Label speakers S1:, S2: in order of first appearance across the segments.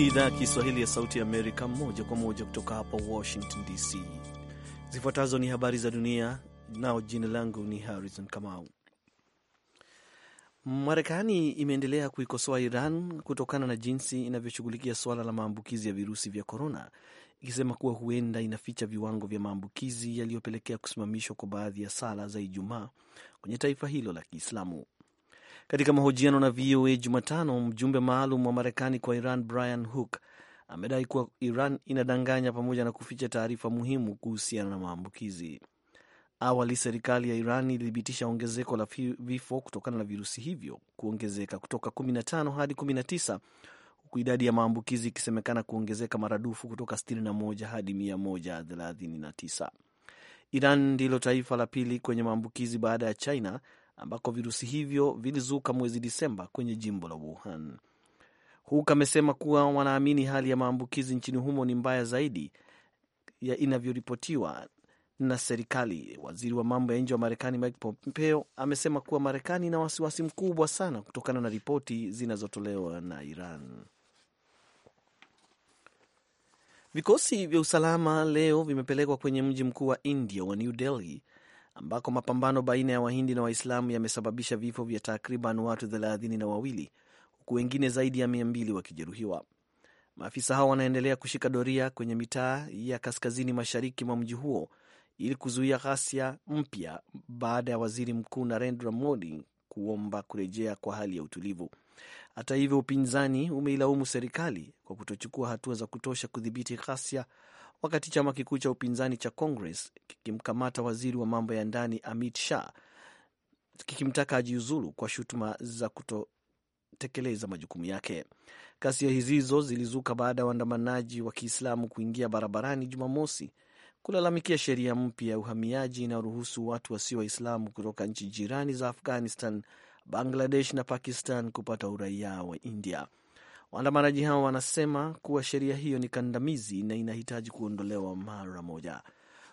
S1: ni idhaa ya Kiswahili ya Sauti ya Amerika, moja kwa moja kutoka hapa Washington DC. Zifuatazo ni habari za dunia, nao jina langu ni Harrison Kamau. Marekani imeendelea kuikosoa Iran kutokana na jinsi inavyoshughulikia suala la maambukizi ya virusi vya korona, ikisema kuwa huenda inaficha viwango vya maambukizi yaliyopelekea kusimamishwa kwa baadhi ya sala za Ijumaa kwenye taifa hilo la Kiislamu. Katika mahojiano na VOA Jumatano, mjumbe maalum wa Marekani kwa Iran Brian Hook amedai kuwa Iran inadanganya pamoja na kuficha taarifa muhimu kuhusiana na maambukizi. Awali serikali ya Iran ilithibitisha ongezeko la vifo kutokana na virusi hivyo kuongezeka kutoka 15 hadi 19 huku idadi ya maambukizi ikisemekana kuongezeka maradufu kutoka 61 hadi 139. Iran ndilo taifa la pili kwenye maambukizi baada ya China ambako virusi hivyo vilizuka mwezi Disemba kwenye jimbo la Wuhan. Huk amesema kuwa wanaamini hali ya maambukizi nchini humo ni mbaya zaidi ya inavyoripotiwa na serikali. Waziri wa mambo ya nje wa Marekani Mike Pompeo amesema kuwa Marekani ina wasiwasi mkubwa sana kutokana na ripoti zinazotolewa na Iran. Vikosi vya usalama leo vimepelekwa kwenye mji mkuu wa India wa New Delhi ambako mapambano baina ya Wahindi na Waislamu yamesababisha vifo vya takriban watu thelathini na wawili huku wengine zaidi ya mia mbili wakijeruhiwa. Maafisa hao wanaendelea kushika doria kwenye mitaa ya kaskazini mashariki mwa mji huo ili kuzuia ghasia mpya baada ya waziri mkuu Narendra Modi kuomba kurejea kwa hali ya utulivu. Hata hivyo, upinzani umeilaumu serikali kwa kutochukua hatua za kutosha kudhibiti ghasia wakati chama kikuu cha upinzani cha Congress kikimkamata waziri wa mambo ya ndani Amit Shah kikimtaka ajiuzulu kwa shutuma za kutotekeleza majukumu yake. Ghasia hizo zilizuka baada ya waandamanaji wa Kiislamu kuingia barabarani Jumamosi kulalamikia sheria mpya ya uhamiaji inayoruhusu watu wasio Waislamu kutoka nchi jirani za Afghanistan, Bangladesh na Pakistan kupata uraia wa India. Waandamanaji hao wanasema kuwa sheria hiyo ni kandamizi na inahitaji kuondolewa mara moja.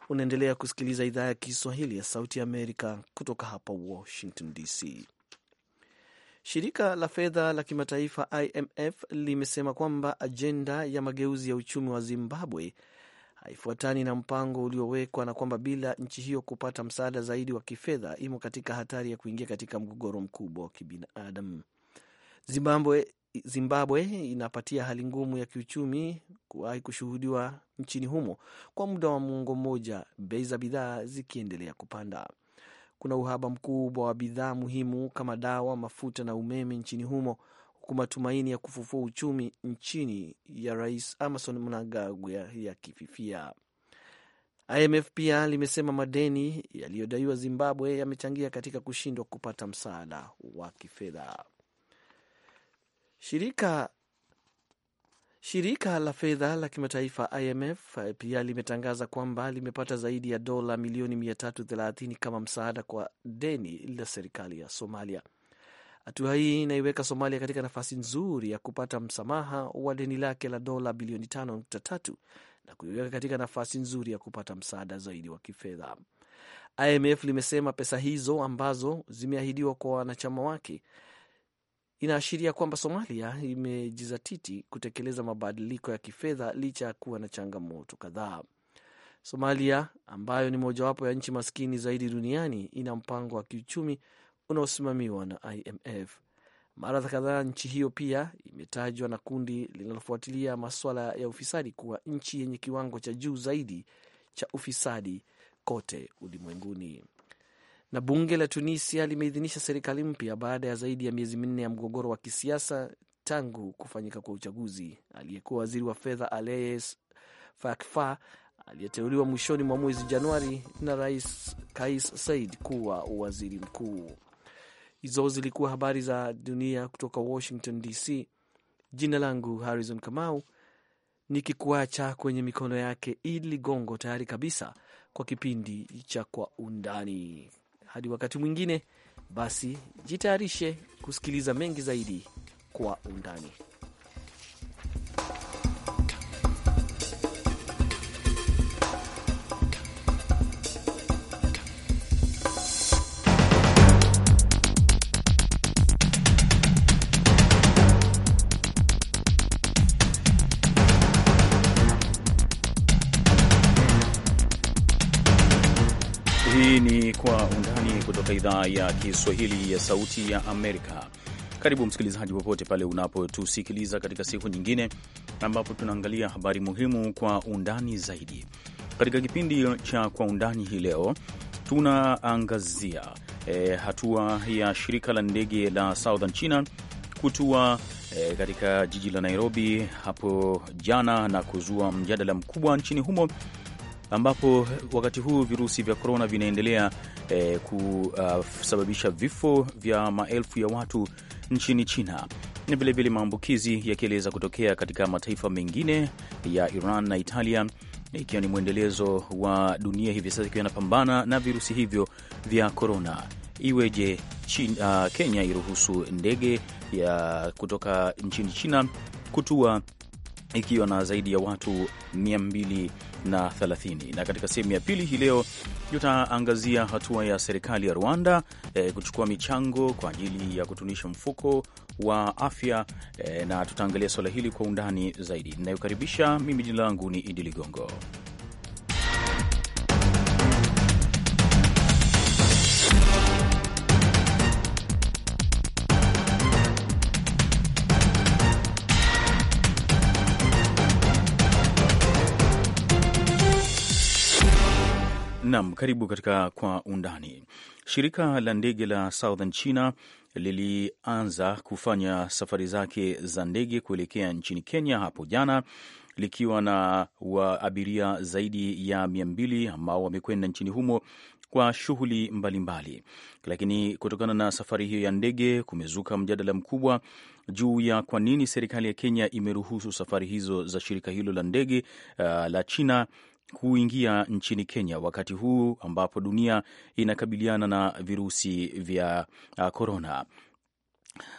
S1: Unaendelea kusikiliza idhaa ya Kiswahili ya Sauti ya Amerika kutoka hapa Washington DC. Shirika la fedha la kimataifa IMF limesema kwamba ajenda ya mageuzi ya uchumi wa Zimbabwe haifuatani na mpango uliowekwa na kwamba bila nchi hiyo kupata msaada zaidi wa kifedha imo katika hatari ya kuingia katika mgogoro mkubwa wa kibinadamu. Zimbabwe Zimbabwe inapatia hali ngumu ya kiuchumi kuwahi kushuhudiwa nchini humo kwa muda wa muongo mmoja, bei za bidhaa zikiendelea kupanda. Kuna uhaba mkubwa wa bidhaa muhimu kama dawa, mafuta na umeme nchini humo, huku matumaini ya kufufua uchumi nchini ya Rais Emmerson Mnangagwa yakififia. IMF pia limesema madeni yaliyodaiwa Zimbabwe yamechangia katika kushindwa kupata msaada wa kifedha. Shirika Shirika la fedha la kimataifa IMF eh, pia limetangaza kwamba limepata zaidi ya dola milioni 330 kama msaada kwa deni la serikali ya Somalia. Hatua hii inaiweka Somalia katika nafasi nzuri ya kupata msamaha wa deni lake la dola bilioni 5.3 na kuiweka katika nafasi nzuri ya kupata msaada zaidi wa kifedha. IMF limesema pesa hizo ambazo zimeahidiwa kwa wanachama wake inaashiria kwamba Somalia imejizatiti kutekeleza mabadiliko ya kifedha licha ya kuwa na changamoto kadhaa. Somalia ambayo ni mojawapo ya nchi maskini zaidi duniani ina mpango wa kiuchumi unaosimamiwa na IMF. Mara kadhaa nchi hiyo pia imetajwa na kundi linalofuatilia maswala ya ufisadi kuwa nchi yenye kiwango cha juu zaidi cha ufisadi kote ulimwenguni. Na bunge la Tunisia limeidhinisha serikali mpya baada ya zaidi ya miezi minne ya mgogoro wa kisiasa tangu kufanyika kwa uchaguzi. Aliyekuwa waziri wa fedha Ales Fakfa aliyeteuliwa mwishoni mwa mwezi Januari na rais Kais Said kuwa waziri mkuu. Hizo zilikuwa habari za dunia kutoka Washington DC. Jina langu Harrison Kamau, nikikuacha kwenye mikono yake Idi Ligongo, tayari kabisa kwa kipindi cha Kwa Undani. Hadi wakati mwingine, basi jitayarishe kusikiliza mengi zaidi kwa undani.
S2: kutoka idhaa ya Kiswahili ya Sauti ya Amerika. Karibu msikilizaji, popote pale unapotusikiliza katika siku nyingine ambapo tunaangalia habari muhimu kwa undani zaidi. Katika kipindi cha Kwa Undani hii leo tunaangazia e, hatua ya shirika la ndege la Southern China kutua e, katika jiji la Nairobi hapo jana na kuzua mjadala mkubwa nchini humo ambapo wakati huu virusi vya korona vinaendelea e, kusababisha vifo vya maelfu ya watu nchini China na vilevile maambukizi yakieleza kutokea katika mataifa mengine ya Iran na Italia ikiwa ni mwendelezo wa dunia hivi sasa ikiwa inapambana na virusi hivyo vya korona. Iweje China, uh, Kenya iruhusu ndege ya kutoka nchini China kutua ikiwa na zaidi ya watu 200 na 30. Na katika sehemu ya pili hii leo tutaangazia hatua ya serikali ya Rwanda e, kuchukua michango kwa ajili ya kutunisha mfuko wa afya e, na tutaangalia suala hili kwa undani zaidi. Ninayokaribisha mimi, jina langu ni Idi Ligongo. Nam, karibu katika Kwa Undani. Shirika la ndege la Southern China lilianza kufanya safari zake za ndege kuelekea nchini Kenya hapo jana likiwa na waabiria zaidi ya mia mbili ambao wamekwenda nchini humo kwa shughuli mbalimbali, lakini kutokana na safari hiyo ya ndege kumezuka mjadala mkubwa juu ya kwa nini serikali ya Kenya imeruhusu safari hizo za shirika hilo la ndege uh, la China kuingia nchini Kenya wakati huu ambapo dunia inakabiliana na virusi vya korona. Uh,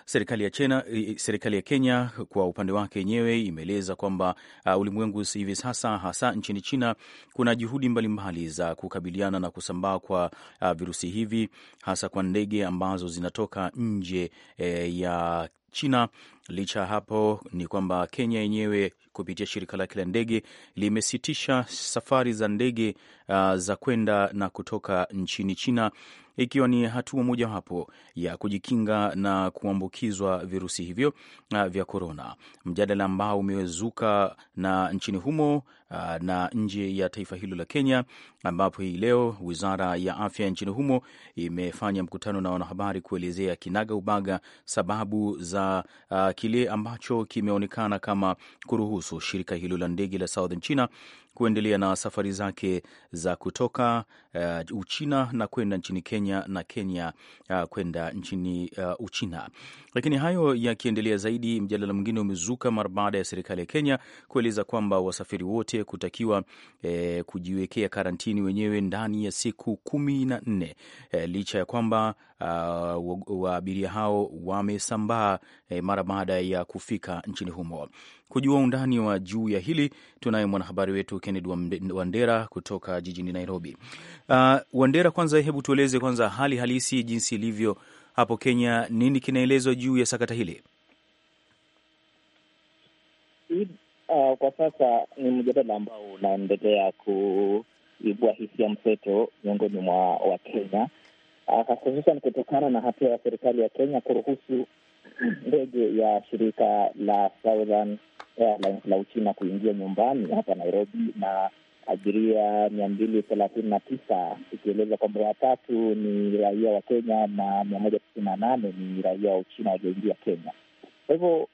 S2: Serikali ya China, serikali ya Kenya kwa upande wake yenyewe imeeleza kwamba uh, ulimwengu hivi sasa hasa nchini China kuna juhudi mbalimbali mbali za kukabiliana na kusambaa kwa uh, virusi hivi hasa kwa ndege ambazo zinatoka nje eh, ya China. Licha ya hapo, ni kwamba Kenya yenyewe kupitia shirika lake la ndege limesitisha safari za ndege uh, za kwenda na kutoka nchini China ikiwa ni hatua mojawapo ya kujikinga na kuambukizwa virusi hivyo ah, vya korona, mjadala ambao umezuka na nchini humo ah, na nje ya taifa hilo la Kenya, ambapo hii leo wizara ya afya nchini humo imefanya mkutano na wanahabari kuelezea kinaga ubaga sababu za uh, kile ambacho kimeonekana kama kuruhusu shirika hilo la ndege la Southern China kuendelea na safari zake za kutoka uh, Uchina na kwenda nchini Kenya na Kenya uh, kwenda nchini uh, Uchina. Lakini hayo yakiendelea zaidi, mjadala mwingine umezuka mara baada ya serikali ya Kenya kueleza kwamba wasafiri wote kutakiwa eh, kujiwekea karantini wenyewe ndani ya siku kumi na nne eh, licha ya kwamba uh, waabiria hao wamesambaa eh, mara baada ya kufika nchini humo. Kujua undani wa juu ya hili tunaye mwanahabari wetu Kennedy Wandera kutoka jijini Nairobi. Uh, Wandera, kwanza hebu tueleze kwanza hali halisi jinsi ilivyo hapo Kenya. Nini kinaelezwa juu ya sakata hili?
S3: Uh, kwa sasa ni mjadala ambao unaendelea kuibua hisia mseto miongoni mwa Wakenya uh, hususan kutokana na hatua ya serikali ya Kenya kuruhusu ndege ya shirika la Southern Airlines la Uchina kuingia nyumbani hapa Nairobi na abiria mia mbili thelathini na tisa ikieleza kwamba watatu ni raia wa Kenya na mia moja tisini na nane ni raia wa Uchina walioingia Kenya. Kwa hivyo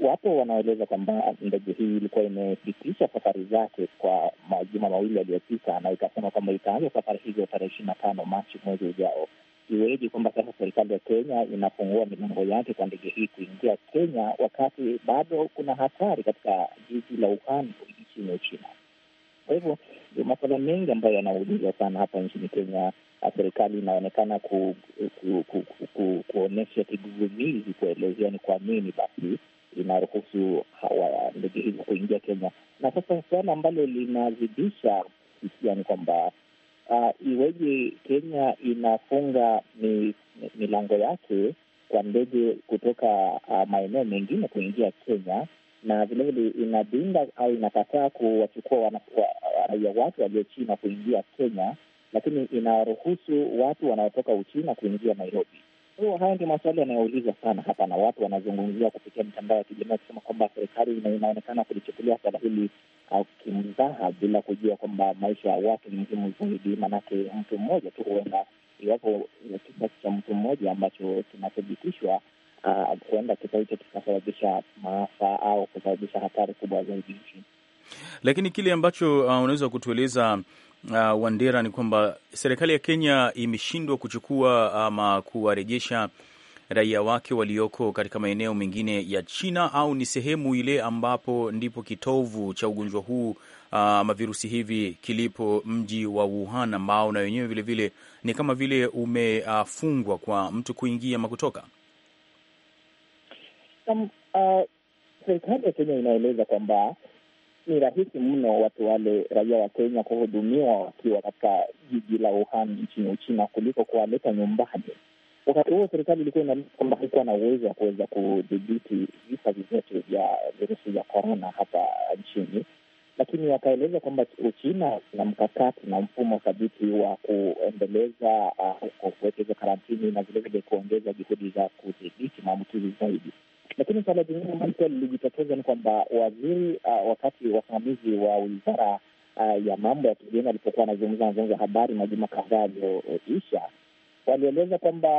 S3: wapo wanaoeleza kwamba ndege hii ilikuwa imepitisha safari zake kwa majuma mawili yaliyopita, na ikasema kwamba itaanza safari hizo tarehe ishirini na tano Machi mwezi ujao. Iweje kwamba sasa serikali ya Kenya inafungua milango yake kwa ndege hii kuingia Kenya wakati bado kuna hatari katika jiji la Wuhan nchini Uchina? Kwa hivyo masuala mengi ambayo yanaulizwa sana hapa nchini Kenya, serikali inaonekana ku, ku, ku, ku, ku, kuonyesha kigugumizi kuelezea ni kwa nini basi inaruhusu ndege hizo kuingia Kenya. Na sasa suala ambalo linazidisha hisia ni kwamba uh, iweje Kenya inafunga milango yake kwa ndege kutoka uh, maeneo mengine kuingia Kenya na vilevile inapinga au inakataa kuwachukua raia wake walio China kuingia Kenya, lakini inaruhusu watu wanaotoka Uchina kuingia Nairobi. So, haya ndio maswali yanayoulizwa sana hapa na watu wanazungumzia kupitia mitandao ya kijamii wakisema kwamba serikali inaonekana kulichukulia swala hili uh, kimzaha, bila kujua kwamba maisha ya watu ni muhimu zaidi. Maanake mtu mmoja tu huenda, iwapo kisasi cha mtu mmoja ambacho kinathibitishwa huenda uh, kikao hicho kikasababisha maafa au kusababisha hatari kubwa zaidi nchini.
S2: Lakini kile ambacho uh, unaweza kutueleza uh, Wandera, ni kwamba serikali ya Kenya imeshindwa kuchukua ama kuwarejesha raia wake walioko katika maeneo mengine ya China au ni sehemu ile ambapo ndipo kitovu cha ugonjwa huu uh, ama uh, virusi hivi kilipo, mji wa Wuhan ambao na wenyewe vilevile ni kama vile umefungwa uh, kwa mtu kuingia ama kutoka
S3: serikali uh, ya Kenya inaeleza kwamba ni rahisi mno watu wale raia wa Kenya kuhudumiwa wakiwa katika jiji la Wuhan nchini Uchina kuliko kuwaleta nyumbani. Wakati huo serikali ilikuwa inaeleza kwamba haikuwa na uwezo wa kuweza kudhibiti visa vyovyote vya virusi vya korona hapa nchini, lakini wakaeleza kwamba Uchina na mkakati na mfumo thabiti wa kuendeleza uh, kuwekeza karantini na vilevile kuongeza juhudi za kudhibiti maambukizi zaidi. Lakini suala jingine ambalo lilijitokeza ni kwamba waziri uh, wakati wasimamizi wa wizara uh, ya mambo ya kigeni alipokuwa anazungumza na vyombo vya habari majuma kadhaa aliyoisha, walieleza kwamba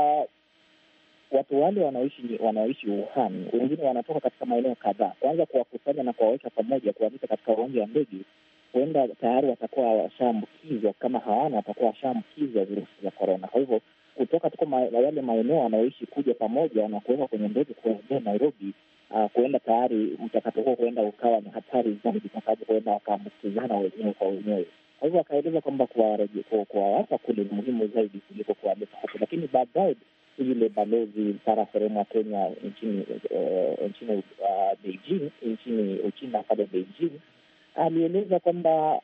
S3: watu wale wanaoishi wanaoishi Wuhan wengine wanatoka katika maeneo kadhaa, kwanza kuwakusanya na kuwaweka pamoja, kuwaleta katika uwanja wa ndege, huenda tayari watakuwa washaambukizwa, kama hawana watakuwa washaambukizwa virusi vya korona. Kwa hivyo kutoka ma, yale maeneo wanaoishi kuja pamoja na kuweka kwenye ndege kuanzia Nairobi uh, kuenda tayari, mchakato huo huenda ukawa ni hatari zaidi, pakaji kuenda wakaambukizana wenyewe kwa wenyewe. Kwa hivyo wakaeleza kwamba kuwawasa kule ni muhimu zaidi kuliko kuwaleta huku, lakini baadaye yule balozi Sara sehemu wa Kenya nchini eh, nchini uh, Beijing nchini Uchina pale Beijing alieleza kwamba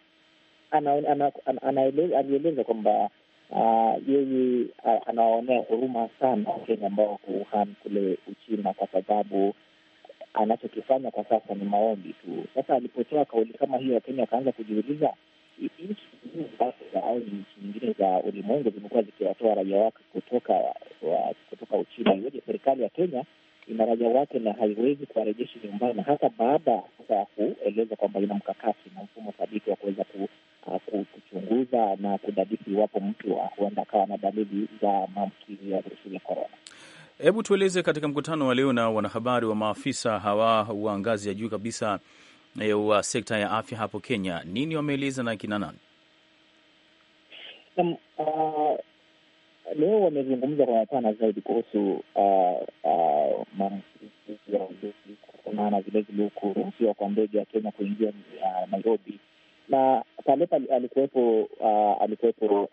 S3: alieleza kwamba Ah, yeye uh, ah, anawaonea huruma sana Wakenya ambao wako Wuhan kule Uchina, kwa sababu anachokifanya kwa sasa ni maombi tu. Sasa alipotoa kauli kama hiyo, Wakenya wakaanza kujiuliza nchi au nchi nyingine za ulimwengu zimekuwa zikiwatoa raia wake kutoka wa, kutoka Uchina, iweje serikali ya Kenya ina raia wake na haiwezi kuwarejeshi nyumbani, hasa baada ya kueleza kwamba ina mkakati na mfumo thabiti wa kuweza ku Uh, kuchunguza na kudadisi iwapo mtu huenda akawa na dalili za maambukizi ya virusi vya korona.
S2: Hebu tueleze katika mkutano wa leo na wanahabari wa maafisa hawa wa ngazi ya juu kabisa eh, wa sekta ya afya hapo Kenya, nini wameeleza na kina nani?
S4: Um, uh,
S3: leo wamezungumza kwa mapana zaidi kuhusu uh, uh, maambukizi ya korona na vilevile kuruhusiwa kwa ndege ya Kenya kuingia Nairobi na pale alikuwepo ah, alikuwepo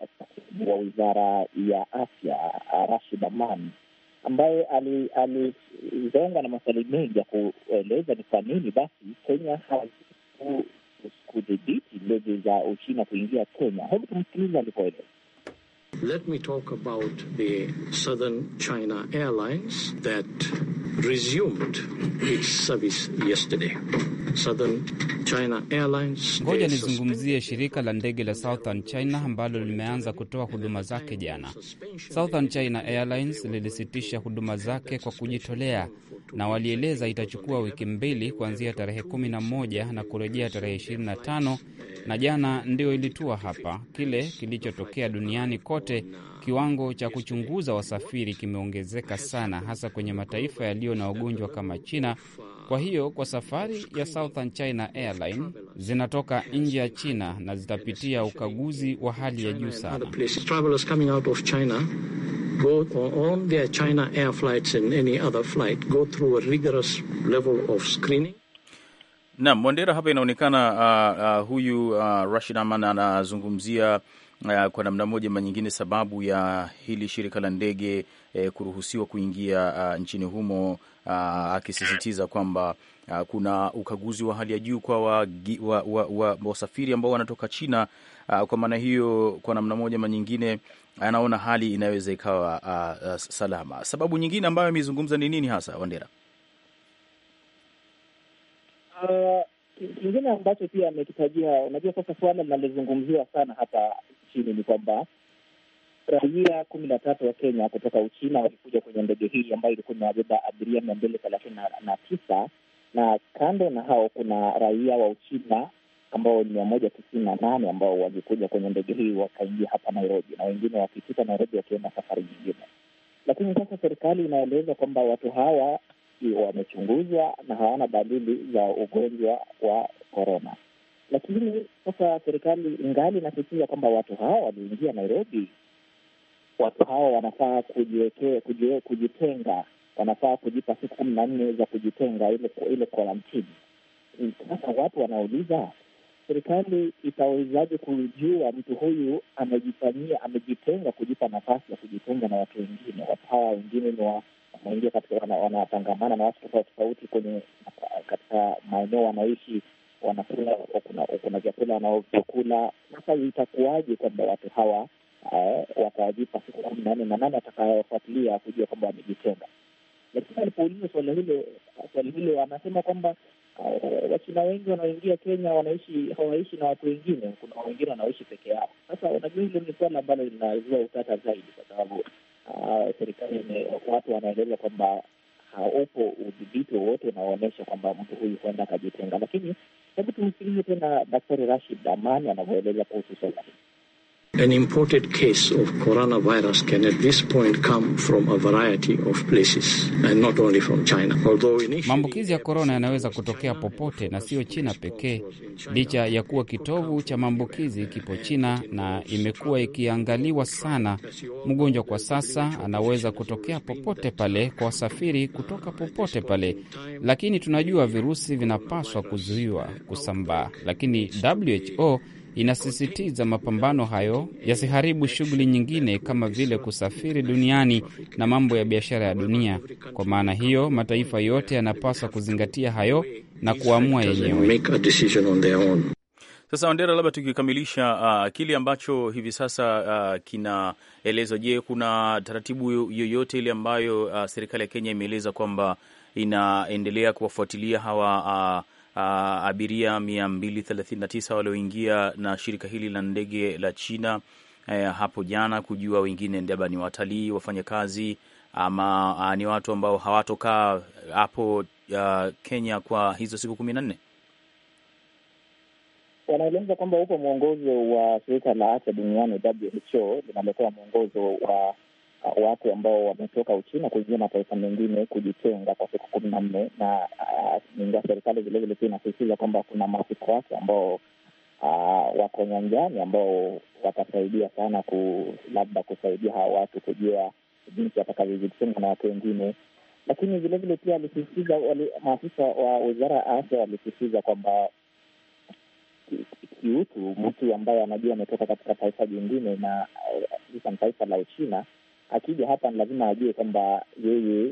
S3: wa wizara ya afya ah, Rashid Aman ambaye alizongwa na maswali mengi ya kueleza ni kwa nini basi Kenya ndege za Uchina kuingia Kenya. Hebu alikoeleza. Let me talk about the Southern China Airlines that
S1: resumed its service yesterday. Southern
S5: Ngoja nizungumzie shirika la ndege la Southern China ambalo limeanza kutoa huduma zake jana. Southern China Airlines lilisitisha huduma zake kwa kujitolea, na walieleza itachukua wiki mbili kuanzia tarehe 11 na kurejea tarehe 25, na jana ndio ilitua hapa. Kile kilichotokea duniani kote, kiwango cha kuchunguza wasafiri kimeongezeka sana, hasa kwenye mataifa yaliyo na ugonjwa kama China kwa hiyo kwa safari ya Southern China Airline zinatoka nje ya China na zitapitia ukaguzi wa hali ya juu sana.
S2: Naam, hapa inaonekana uh, uh, huyu uh, Rashid Aman anazungumzia uh, kwa namna moja ma nyingine sababu ya hili shirika la ndege eh, kuruhusiwa kuingia uh, nchini humo Uh, akisisitiza kwamba uh, kuna ukaguzi wa hali ya juu kwa wasafiri wa, wa, wa, wa ambao wanatoka China. Uh, kwa maana hiyo, kwa namna moja ama nyingine, anaona hali inaweza ikawa uh, uh, salama. Sababu nyingine ambayo ameizungumza ni nini hasa, Wandera?
S3: Uh, ambacho pia amekitajia, unajua sasa suala linalozungumziwa sana hapa chini ni kwamba raia kumi na tatu wa Kenya kutoka Uchina walikuja kwenye ndege hii ambayo ilikuwa imewabeba abiria mia mbili thelathini na tisa na kando na hao kuna raia wa Uchina ambao ni mia moja tisini na nane ambao walikuja kwenye ndege hii wakaingia hapa Nairobi, na wengine wakipita Nairobi wakienda safari nyingine. Lakini sasa serikali inaeleza kwamba watu hawa wamechunguzwa na hawana dalili za ugonjwa wa korona. Lakini sasa serikali ingali inasisitiza kwamba watu hawa waliingia Nairobi watu hao wanafaa kujitenga, wanafaa kujipa siku kumi na nne za kujitenga, ile ile karantini. Sasa watu wanauliza serikali itawezaje kujua mtu huyu amejifanyia, amejitenga, kujipa nafasi ya kujitenga na watu wengine? Watu hawa wengine ni wanaingia katika wanatangamana na watu tofauti tofauti kwenye katika maeneo wanaishi, wanakula, kuna vyakula wanaovyokula. Sasa itakuwaje kwamba watu hawa Eh, wakawajipa siku kumi na nne na nane atakayofuatilia kujua kwamba wamejitenga. Lakini alipouliza swali hilo swali hilo, anasema kwamba eh, Wachina wengi wanaoingia Kenya wanaishi hawaishi na watu wengine, kuna wengine wanaoishi peke yao. Sasa unajua, hilo ni swala ambalo linazua utata zaidi, kwa sababu eh, serikali, watu wanaeleza kwamba haupo udhibiti wowote unaoonyesha kwamba mtu huyu huenda akajitenga. Lakini hebu tumsikilize tena Daktari Rashid Amani anavyoeleza kuhusu swala hili. An imported case of
S5: coronavirus can at this point come from a variety of places and not only from China. Although initially... Maambukizi ya korona yanaweza kutokea popote na siyo China pekee, licha ya kuwa kitovu cha maambukizi kipo China na imekuwa ikiangaliwa sana. Mgonjwa kwa sasa anaweza kutokea popote pale kwa wasafiri kutoka popote pale, lakini tunajua virusi vinapaswa kuzuiwa kusambaa, lakini WHO inasisitiza mapambano hayo yasiharibu shughuli nyingine kama vile kusafiri duniani na mambo ya biashara ya dunia. Kwa maana hiyo, mataifa yote yanapaswa kuzingatia hayo na kuamua yenyewe.
S2: Sasa Wandera, labda tukikamilisha uh, kile ambacho hivi sasa uh, kinaelezwa. Je, kuna taratibu yoyote ile ambayo uh, serikali ya Kenya imeeleza kwamba inaendelea kuwafuatilia hawa uh, uh, abiria 239 walioingia na shirika hili la ndege la China eh, hapo jana, kujua wengine labda ni watalii, wafanyakazi ama uh, ni watu ambao hawatokaa hapo uh, Kenya kwa hizo siku kumi na nne
S3: wanaeleza kwamba upo mwongozo wa shirika la afya duniani WHO linalotoa mwongozo wa Uh, watu ambao wametoka Uchina kuingia mataifa mengine kujitenga kwa siku kumi na nne na uh, ingia serikali vilevile pia inasisitiza kwamba kuna maafisa wake ambao uh, wako nyanjani ambao watasaidia sana ku, labda kusaidia hawa watu kujua jinsi watakavyojitenga na watu wengine lakini vilevile pia alisisitiza maafisa wa wizara ya afya walisisitiza kwamba kiutu, mtu ambaye anajua ametoka katika taifa jingine na hususan uh, taifa la Uchina akija hapa ni lazima ajue kwamba yeye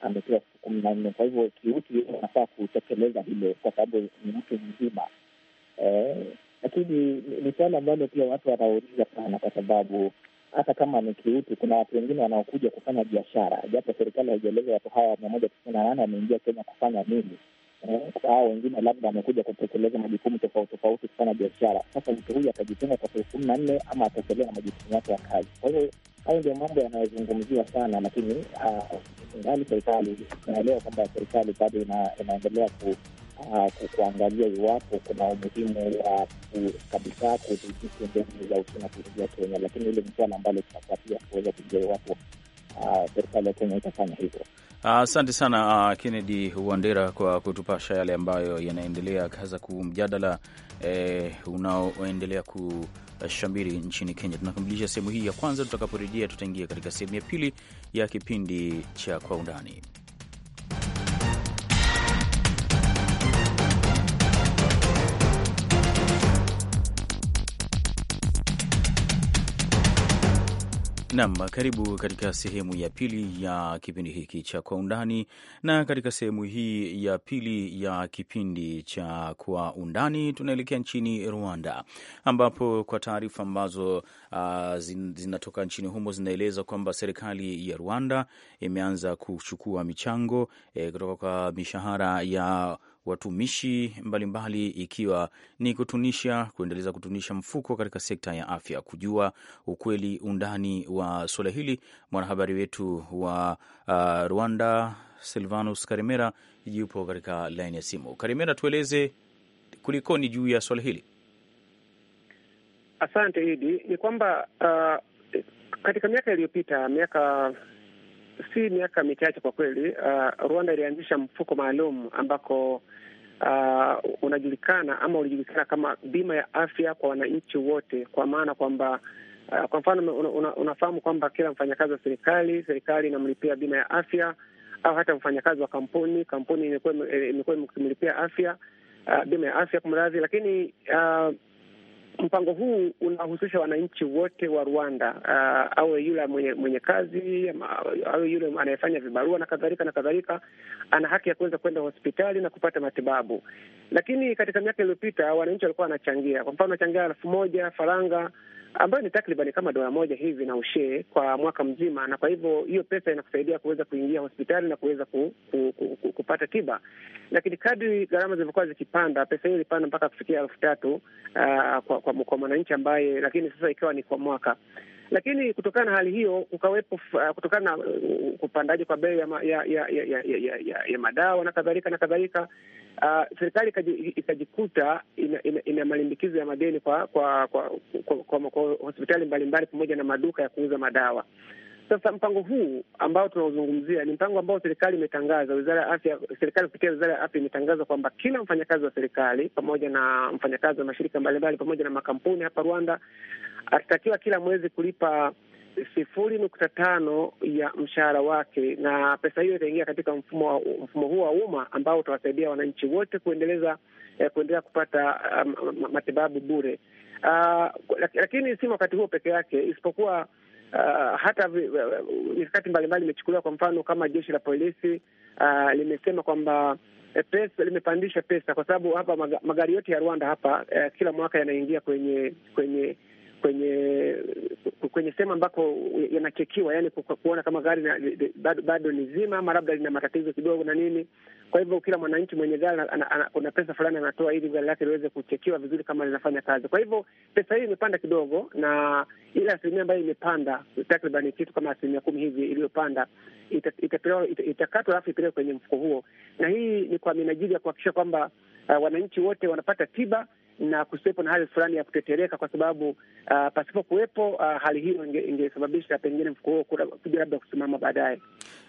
S3: amepewa siku kumi na nne. Kwa hivyo kiutu yeye anafaa kutekeleza hilo, kwa sababu ni mtu mzima. E, lakini ni suala ambalo pia watu wanauliza sana, kwa sababu hata kama ni kiutu, kuna watu wengine wanaokuja kufanya biashara, japo serikali haijaeleza watu hawa mia moja tisini na nane wameingia Kenya kufanya nini au wengine labda amekuja kutekeleza majukumu tofauti tofauti, kufanya biashara. Sasa mtu huyu atajitenga kwa siku kumi na nne ama atasalia na majukumu yake ya kazi. Kwa hiyo hayo ndio mambo yanayozungumziwa sana, lakini ah, ngali serikali inaelewa kwamba serikali bado inaendelea ku Uh, kuangalia iwapo kuna umuhimu wa uh, kabisa kudhibiti mbegu za Uchina kuingia Kenya, lakini hili ni swala ambalo tunafuatia kuweza kujua iwapo ah, serikali ya Kenya itafanya hivyo.
S2: Asante uh, sana uh, Kennedy Wandera kwa kutupasha yale ambayo yanaendelea kaza kumjadala eh, unaoendelea kushambiri nchini Kenya. Tunakamilisha sehemu hii ya kwanza, tutakaporejea tutaingia katika sehemu ya pili ya kipindi cha kwa undani. Nam, karibu katika sehemu ya pili ya kipindi hiki cha Kwa Undani. Na katika sehemu hii ya pili ya kipindi cha Kwa Undani tunaelekea nchini Rwanda, ambapo kwa taarifa ambazo uh, zinatoka nchini humo zinaeleza kwamba serikali ya Rwanda imeanza kuchukua michango eh, kutoka kwa mishahara ya watumishi mbalimbali mbali, ikiwa ni kutunisha kuendeleza kutunisha mfuko katika sekta ya afya. Kujua ukweli undani wa suala hili, mwanahabari wetu wa uh, Rwanda Silvanus Karimera yupo katika laini ya simu. Karimera, tueleze kulikoni juu ya suala hili.
S4: Asante Idi, ni kwamba uh, katika miaka iliyopita miaka si miaka michache kwa kweli, uh, Rwanda ilianzisha mfuko maalum ambako uh, unajulikana ama ulijulikana kama bima ya afya kwa wananchi wote, kwa maana kwamba uh, kwa mfano una, una, unafahamu kwamba kila mfanyakazi wa serikali, serikali inamlipia bima ya afya au hata mfanyakazi wa kampuni, kampuni imekuwa eh, imekuwa ikimlipia afya uh, bima ya afya mradhi lakini uh, Mpango huu unahusisha wananchi wote wa Rwanda, uh, awe yule mwenye, mwenye kazi awe yule anayefanya vibarua na kadhalika na kadhalika, ana haki ya kuweza kwenda hospitali na kupata matibabu. Lakini katika miaka iliyopita wananchi walikuwa wanachangia, kwa mfano wanachangia elfu moja faranga ambayo ni takriban kama dola moja hivi na ushee kwa mwaka mzima, na kwa hivyo hiyo pesa inakusaidia kuweza kuingia hospitali na kuweza ku, ku, ku, ku, kupata tiba. Lakini kadri gharama zilivyokuwa zikipanda, pesa hiyo ilipanda mpaka kufikia elfu tatu uh, kwa, kwa, kwa mwananchi ambaye, lakini sasa ikiwa ni kwa mwaka lakini kutokana na hali hiyo kukawepo uh, kutokana na uh, kupandaji kwa bei ya, ya, ya, ya, ya, ya, ya, ya madawa na kadhalika na kadhalika uh, serikali ikajikuta ina, ina, ina malimbikizo ya madeni kwa kwa kwa, kwa, kwa, kwa, kwa hospitali mbalimbali pamoja na maduka ya kuuza madawa. Sasa mpango huu ambao tunaozungumzia ni mpango ambao serikali imetangaza, wizara ya afya, serikali kupitia wizara ya afya imetangaza kwamba kila mfanyakazi wa serikali pamoja na mfanyakazi wa mashirika mbalimbali pamoja na makampuni hapa Rwanda atatakiwa kila mwezi kulipa sifuri nukta tano ya mshahara wake, na pesa hiyo itaingia katika mfumo mfumo huu wa umma ambao utawasaidia wananchi wote kuendeleza eh, kuendelea kupata um, matibabu bure. Uh, lakini si wakati huo peke yake, isipokuwa uh, hata mikakati mbalimbali imechukuliwa. Kwa mfano kama jeshi la polisi uh, limesema kwamba eh, pesa limepandisha pesa kwa sababu hapa magari yote ya Rwanda hapa eh, kila mwaka yanaingia kwenye kwenye kwenye kwenye sehemu ambako yanachekiwa, yani kuona kama gari na, bado, bado ni zima ama labda lina matatizo kidogo na nini. Kwa hivyo kila mwananchi mwenye gari kuna pesa fulani anatoa ili gari lake liweze kuchekiwa vizuri kama linafanya kazi. Kwa hivyo pesa hii imepanda kidogo, na ile asilimia ambayo imepanda takriban kitu kama asilimia kumi hivi iliyopanda itakatwa, ita, ita, ita alafu ipelekwe kwenye mfuko huo, na hii ni kwa minajili ya kuhakikisha kwamba uh, wananchi wote wanapata tiba na kusiwepo na hali fulani ya kutetereka, kwa sababu uh, pasipo kuwepo uh, hali hiyo ingesababisha inge pengine mfuko huo kuja labda kusimama baadaye.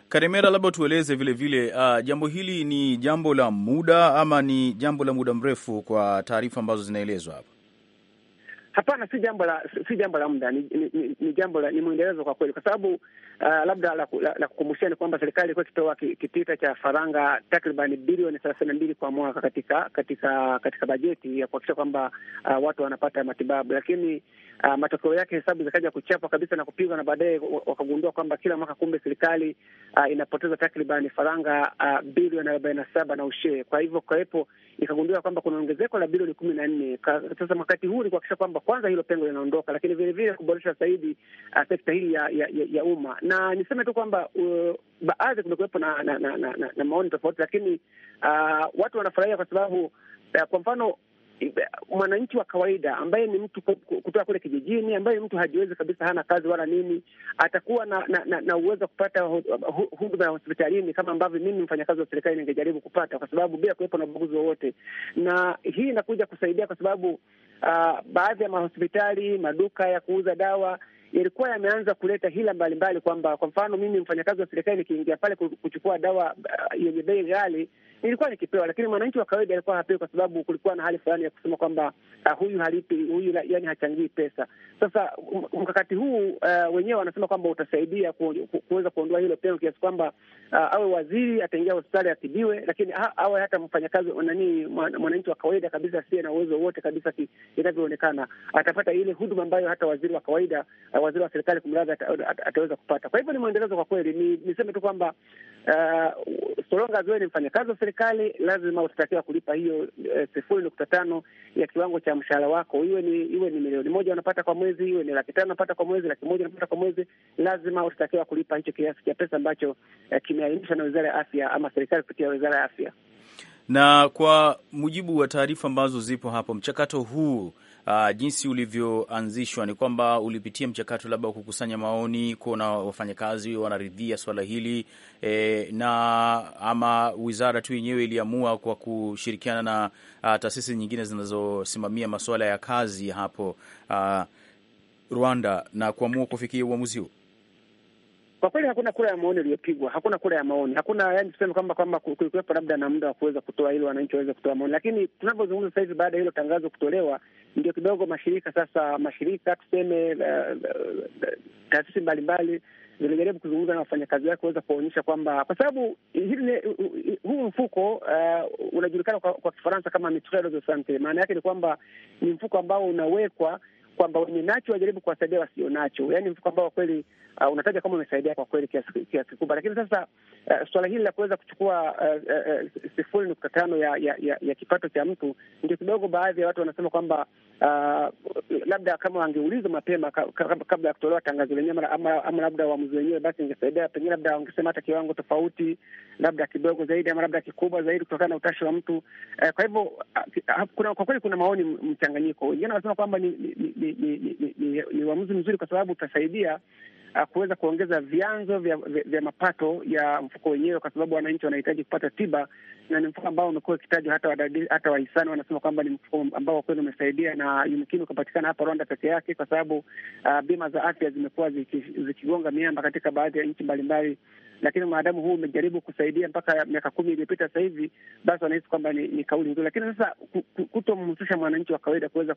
S2: Karemera, labda tueleze vilevile vile, uh, jambo hili ni jambo la muda ama ni jambo la muda mrefu, kwa taarifa ambazo zinaelezwa hapa?
S4: Hapana, si jambo la si jambo la muda, ni, ni, ni jambo la ni mwendelezo kwa kweli, kwa sababu uh, labda la, la, la kukumbushia ni kwamba serikali ilikuwa ikitoa kitita cha faranga takriban bilioni thelathini na mbili kwa mwaka katika katika katika bajeti ya kuhakikisha kwamba uh, watu wanapata matibabu, lakini Uh, matokeo yake hesabu zikaja kuchapwa kabisa na kupigwa, na baadaye wakagundua kwamba kila mwaka kumbe serikali uh, inapoteza takriban faranga uh, bilioni arobaini na saba na ushee. Kwa hivyo kwawepo ikagundua kwamba kuna ongezeko la bilioni kumi na nne. Sasa wakati huu ni kuhakikisha kwamba kwanza hilo pengo linaondoka, lakini vilevile kuboresha zaidi uh, sekta hii ya, ya, ya, ya umma, na niseme tu kwamba uh, baadhi kumekuwepo na, na, na, na, na, na maoni tofauti, lakini uh, watu wanafurahia kwa sababu uh, kwa mfano mwananchi wa kawaida ambaye ni mtu kutoka kule kijijini, ambaye mtu hajiwezi kabisa, hana kazi wala nini, atakuwa na na, na, na uwezo wa kupata huduma ya hospitalini kama ambavyo mimi mfanyakazi wa serikali ningejaribu kupata, kwa sababu bila kuwepo na ubaguzi wowote. Na hii inakuja kusaidia kwa sababu uh, baadhi ya mahospitali, maduka ya kuuza dawa yalikuwa yameanza kuleta hila mbalimbali, kwamba kwa mfano mimi mfanyakazi wa serikali nikiingia pale kuchukua dawa uh, yenye bei ghali nilikuwa nikipewa, lakini mwananchi wa kawaida alikuwa hapewi, kwa sababu kulikuwa na hali fulani ya kusema kwamba uh, huyu halipi huyu, yani hachangii pesa. Sasa mkakati huu uh, wenyewe wanasema kwamba utasaidia kuweza kuondoa hilo pengo, kiasi kwamba uh, awe waziri ataingia hospitali atibiwe, lakini ha, awe hata mfanyakazi nani, mwananchi wa kawaida kabisa asiye na uwezo wote kabisa inavyoonekana, atapata ile huduma ambayo hata waziri wa kawaida uh, waziri wa serikali kumradhi, ata, ata, ata, ataweza kupata. Kwa hivyo ni mwendelezo kwa kweli, niseme tu kwamba uh, Solonga Zoe ni mfanyakazi serikali lazima utatakiwa kulipa hiyo eh, sifuri nukta tano ya kiwango cha mshahara wako, iwe ni iwe ni milioni moja unapata kwa mwezi, iwe ni laki tano unapata kwa mwezi, laki moja unapata kwa mwezi, lazima utatakiwa kulipa hicho kiasi cha pesa ambacho eh, kimeainishwa na wizara ya afya ama serikali kupitia wizara ya afya.
S2: Na kwa mujibu wa taarifa ambazo zipo hapo, mchakato huu uh, jinsi ulivyoanzishwa ni kwamba ulipitia mchakato labda wa kukusanya maoni, kuona wafanyakazi wanaridhia swala hili e, na ama wizara tu yenyewe iliamua kwa kushirikiana na uh, taasisi nyingine zinazosimamia masuala ya kazi hapo uh, Rwanda na kuamua kufikia uamuzi huu?
S4: Kwa kweli hakuna kura ya maoni iliyopigwa, hakuna kura ya maoni, hakuna yani, tuseme kwamba kwamba kulikuwepo labda na muda wa kuweza kutoa hilo, wananchi waweze kutoa maoni. Lakini tunavyozungumza sasa hivi, baada ya hilo tangazo kutolewa, ndio kidogo mashirika sasa, mashirika tuseme, eh, eh, taasisi mbalimbali zilijaribu kuzungumza na wafanyakazi wake kuweza kuwaonyesha kwamba kwa sababu huu mfuko uh, unajulikana kwa, kwa Kifaransa kama mutuelle de sante. Maana yake ni kwamba ni mfuko ambao unawekwa kwamba wenye nacho wajaribu kuwasaidia wasio nacho, yaani mfuko ambao kweli uh, unataja kama umesaidia kwa kweli kiasi kikubwa, lakini sasa uh, suala hili la kuweza kuchukua uh, uh, sifuri nukta tano ya, ya, ya, ya kipato cha mtu ndio kidogo baadhi ya watu wanasema kwamba uh, labda kama wangeulizwa mapema kabla ya kutolewa tangazo lenyewe ama, ama labda uamuzi wenyewe, basi ingesaidia pengine, labda wangesema hata kiwango tofauti, labda kidogo zaidi ama labda kikubwa zaidi, kutokana na utashi wa mtu uh, kwa hivyo uh, uh kwa kweli kuna maoni mchanganyiko. Wengine wanasema kwamba ni, ni, ni, ni, ni, ni uamuzi mzuri kwa sababu utasaidia uh, kuweza kuongeza vyanzo vya, vya, vya mapato ya mfuko wenyewe, kwa sababu wananchi wanahitaji kupata tiba, na ni mfuko ambao umekuwa ukitajwa hata hata wahisani wanasema kwamba ni mfuko ambao kweli umesaidia na yumkini ukapatikana hapa Rwanda peke yake, kwa sababu uh, bima za afya zimekuwa zikigonga ziki miamba katika baadhi ya nchi mbalimbali lakini maadamu huu umejaribu kusaidia mpaka miaka kumi iliyopita sasa hivi, basi wanahisi kwamba ni, ni kauli nzuri. Lakini sasa kutomhusisha mwananchi wa kawaida kuweza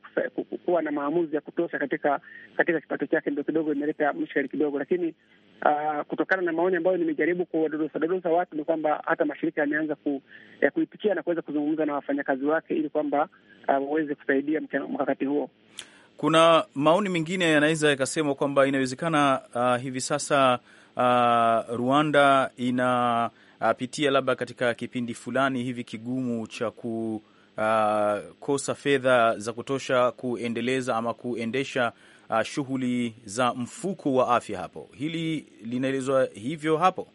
S4: kuwa na maamuzi ya kutosha katika katika kipato chake ndo kidogo imeleta mshkeli kidogo, lakini uh, kutokana na maoni ambayo nimejaribu kuwadodosa dodosa watu ni kwamba hata mashirika yameanza ku, ya kuipikia na kuweza kuzungumza na wafanyakazi wake ili kwamba ah, waweze uh, kusaidia mkakati huo.
S2: Kuna maoni mengine yanaweza yakasema kwamba inawezekana uh, hivi sasa uh, Rwanda inapitia uh, labda katika kipindi fulani hivi kigumu cha kukosa uh, fedha za kutosha kuendeleza ama kuendesha uh, shughuli za mfuko wa afya hapo, hili linaelezwa hivyo hapo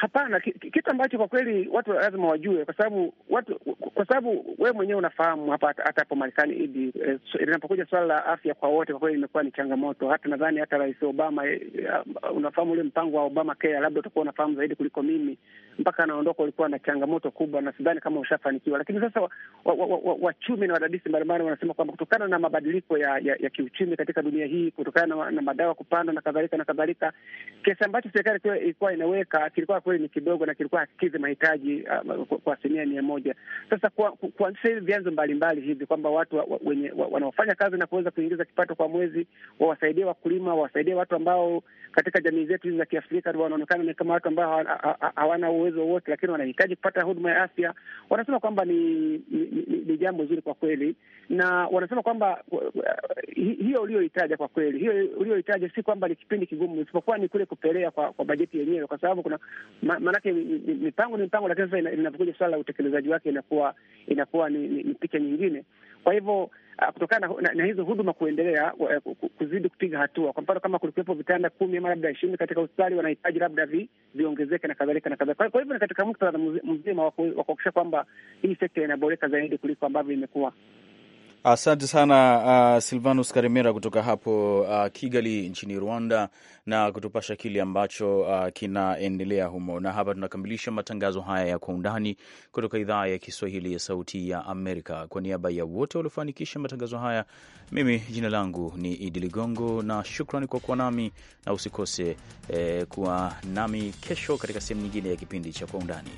S2: Hapana,
S4: kitu ambacho kwa kweli watu lazima wajue, kwa sababu watu, kwa sababu wewe mwenyewe unafahamu hapa hata hapo Marekani idi eh, linapokuja swala la afya kwa wote, kwa kweli imekuwa ni changamoto. Hata nadhani hata Rais Obama eh, eh unafahamu ule mpango wa Obama Care, labda utakuwa unafahamu zaidi kuliko mimi. Mpaka anaondoka ulikuwa na changamoto kubwa, na sidhani kama ushafanikiwa. Lakini sasa wachumi wa, wa, wa, wa na wadadisi mbalimbali wanasema kwamba kutokana na mabadiliko ya, ya, ya kiuchumi katika dunia hii, kutokana na, na madawa kupanda na kadhalika na kadhalika, kiasi ambacho serikali ilikuwa inaweka kilikuwa kweli ni kidogo na kilikuwa hakikizi mahitaji uh, kwa asilimia mia moja. Sasa kuanzisha hivi vyanzo mbalimbali hivi kwamba watu wa, wenye wa, wanaofanya kazi na kuweza kuingiza kipato kwa mwezi wawasaidie wakulima, wawasaidie watu ambao katika jamii zetu hizi za Kiafrika wanaonekana ni kama watu ambao hawana uwezo wowote, lakini wanahitaji kupata huduma ya afya. Wanasema kwamba ni, ni, ni, ni jambo zuri kwa kweli, na wanasema kwamba uh, hiyo uliyohitaja kwa kweli, hiyo uliyohitaja si kwamba ni kipindi kigumu, isipokuwa ni kule kupelea kwa, kwa bajeti yenyewe, kwa sababu kuna maanake mipango ni mipango, lakini sasa inapokuja suala la utekelezaji wake inakuwa inakuwa ni, ni, ni picha nyingine. Kwa hivyo ah, kutokana na, na, na hizo huduma kuendelea eh, kuzidi kupiga hatua, kwa mfano kama kulikuwepo vitanda kumi ama labda ishirini katika hospitali wanahitaji labda vi, viongezeke na kadhalika na kadhalika. Kwa hivyo ni katika muktadha mzima wa kuhakikisha kwamba hii sekta inaboreka zaidi kuliko ambavyo imekuwa.
S2: Asante sana uh, Silvanus karimera kutoka hapo uh, Kigali nchini Rwanda, na kutupasha kile ambacho uh, kinaendelea humo. Na hapa tunakamilisha matangazo haya ya Kwa Undani kutoka idhaa ya Kiswahili ya Sauti ya Amerika. Kwa niaba ya wote waliofanikisha matangazo haya, mimi jina langu ni Idi Ligongo na shukrani kwa kuwa nami, na usikose eh, kuwa nami kesho katika sehemu nyingine ya kipindi cha Kwa Undani.